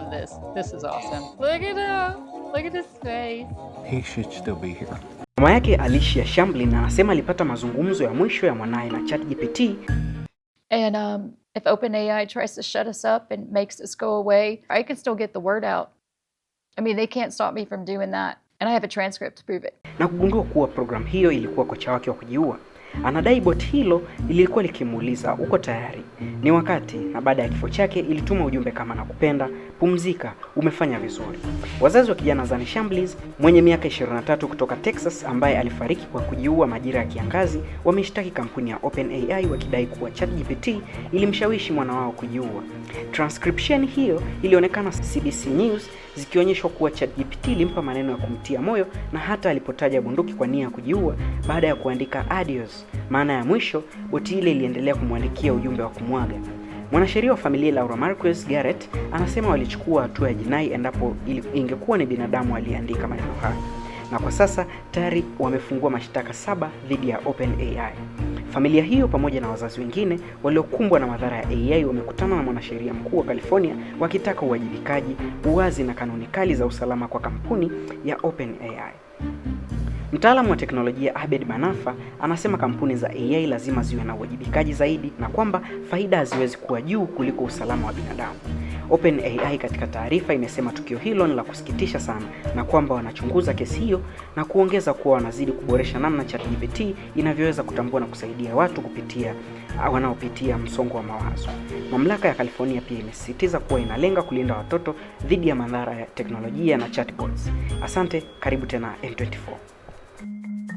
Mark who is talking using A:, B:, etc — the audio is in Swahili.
A: love this. This is awesome. Look at him. Look at his face.
B: He should still be here.
C: Mama yake Alicia Shamblin anasema alipata mazungumzo ya mwisho ya mwanaye na ChatGPT.
A: And um, if OpenAI tries to shut us up and makes us go away, I can still get the word out. I mean, they can't stop me from doing that. And I have a transcript to prove it.
C: Na kugundua kuwa programu hiyo ilikuwa kocha wake wa kujiua. Anadai boti hilo lilikuwa likimuuliza uko tayari, ni wakati, na baada ya kifo chake ilituma ujumbe kama nakupenda, pumzika, umefanya vizuri. Wazazi wa kijana Zane Shambliss mwenye miaka 23 kutoka Texas ambaye alifariki kwa kujiua majira ya kiangazi wameshtaki kampuni ya OpenAI wakidai kuwa ChatGPT ilimshawishi mwana wao kujiua. Transcription hiyo ilionekana cbc News zikionyeshwa kuwa ChatGPT ilimpa maneno ya kumtia moyo na hata alipotaja bunduki kwa nia ya kujiua baada ya kuandika adios, maana ya mwisho, boti ile iliendelea kumwandikia ujumbe wa kumwaga. Mwanasheria wa familia Laura Marquez Garrett anasema walichukua hatua ya jinai endapo ingekuwa ni binadamu aliyeandika maneno hayo, na kwa sasa tayari wamefungua mashtaka saba dhidi ya OpenAI. Familia hiyo pamoja na wazazi wengine waliokumbwa na madhara ya AI wamekutana na mwanasheria mkuu wa California wakitaka uwajibikaji, uwazi na kanuni kali za usalama kwa kampuni ya OpenAI. Mtaalamu wa teknolojia Abed manafa anasema kampuni za AI lazima ziwe na uwajibikaji zaidi na kwamba faida haziwezi kuwa juu kuliko usalama wa binadamu. OpenAI katika taarifa imesema tukio hilo ni la kusikitisha sana na kwamba wanachunguza kesi hiyo na kuongeza kuwa wanazidi kuboresha namna ChatGPT inavyoweza kutambua na kusaidia watu kupitia wanaopitia msongo wa mawazo. Mamlaka ya California pia imesisitiza kuwa inalenga kulinda watoto dhidi ya madhara ya teknolojia na chatbots. Asante, karibu tena M24. Thank you.